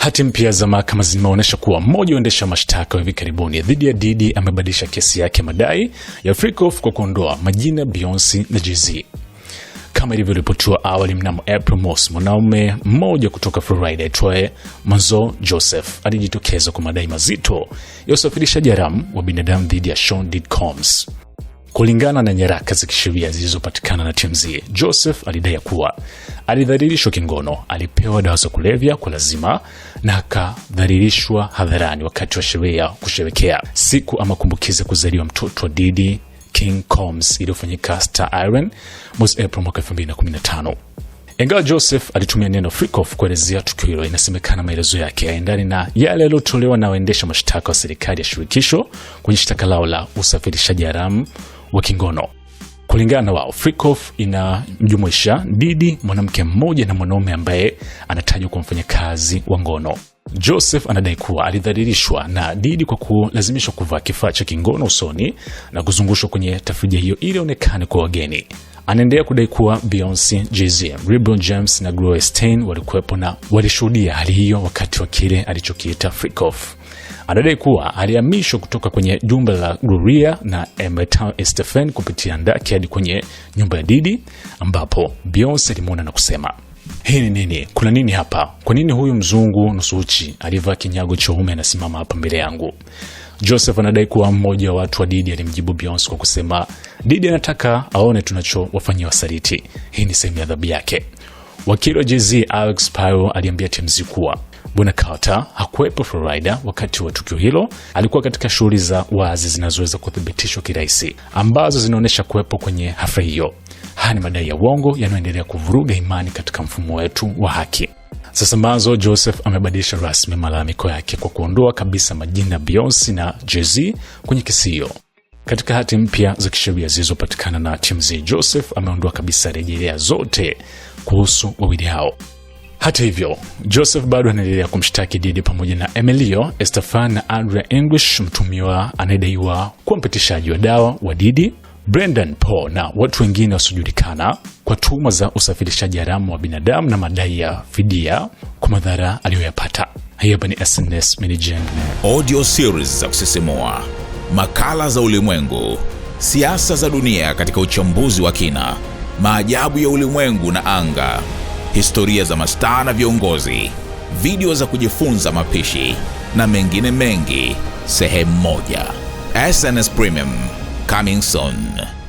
Hati mpya za mahakama zimeonyesha kuwa mmoja waendesha mashtaka wa hivi karibuni dhidi ya Didi amebadilisha kesi yake madai ya Off kwa kuondoa majina Beyonce na Jay-Z. Kama ilivyoripotiwa awali, mnamo April mosi, mwanaume mmoja kutoka Florida aitwaye Manzo Joseph alijitokeza kwa madai mazito ya usafirishaji haramu wa binadamu dhidi ya Sean Diddy Combs. Kulingana na nyaraka za kisheria zilizopatikana na TMZ, Joseph alidai kuwa alidhalilishwa kingono, alipewa dawa za kulevya kwa lazima na akadhalilishwa hadharani wakati wa sherehe ya kusherekea siku ama kumbukizi ya kuzaliwa mtoto wa Didi King Combs iliyofanyika Star Iron mwezi April mwaka 2015. Ingawa Joseph alitumia neno freak off kuelezea tukio hilo, inasemekana maelezo yake yaendani na yale yaliyotolewa na waendesha mashtaka wa serikali ya shirikisho kwenye shtaka lao la usafirishaji haramu wa kingono. Kulingana na wao, frikof inamjumuisha Didi, mwanamke mmoja na mwanaume ambaye anatajwa kwa mfanyakazi wa ngono. Joseph anadai kuwa alidhalilishwa na Didi kwa kulazimishwa kuvaa kifaa cha kingono usoni na kuzungushwa kwenye tafrija hiyo ili aonekane kwa wageni. Anaendelea kudai kuwa Beyonce, Jay-Z, LeBron James na Gloria Stein walikuwepo na walishuhudia hali hiyo wakati wa kile alichokiita freak off. Anadai kuwa alihamishwa kutoka kwenye jumba la Gloria na Emerita Stephen kupitia ndaki hadi kwenye nyumba ya Didi ambapo Beyonce alimwona na kusema hii ni nini? Kuna nini hapa? Kwa nini huyu mzungu nusuchi aliyevaa kinyago ume anasimama hapa mbele yangu? Joseph anadai kuwa mmoja wa watu wa Didi alimjibu Beyonce kwa kusema Didi anataka aone tunachowafanyia wasaliti. Hii ni sehemu ya adhabu yake. Wakili wa Jay-Z Alex Payo aliambia TMZ kuwa Bwana Carter hakuwepo Florida wakati wa tukio hilo. Alikuwa katika shughuli za wazi zinazoweza kuthibitishwa kirahisi ambazo zinaonyesha kuwepo kwenye hafla hiyo. Haya ni madai ya uongo yanayoendelea kuvuruga imani katika mfumo wetu wa haki. Sasa mbazo Joseph amebadilisha rasmi malalamiko yake kwa kuondoa kabisa majina Beyonce na Jay-Z kwenye kesi hiyo. Katika hati mpya za kisheria zilizopatikana na TMZ, Joseph ameondoa kabisa rejelea zote kuhusu wawili hao. Hata hivyo, Joseph bado anaendelea kumshtaki Diddy pamoja na Emilio Estefan na Andrea English, mtumiwa anayedaiwa kuwa mpitishaji wa dawa wa Diddy Brendan Paul na watu wengine wasiojulikana kwa tuhuma za usafirishaji haramu wa binadamu na madai ya fidia kwa madhara aliyoyapata. Hapa ni SNS Minigen, audio series za kusisimua, makala za ulimwengu, siasa za dunia katika uchambuzi wa kina, maajabu ya ulimwengu na anga, historia za mastaa na viongozi, video za kujifunza mapishi na mengine mengi, sehemu moja. SNS Premium. coming soon.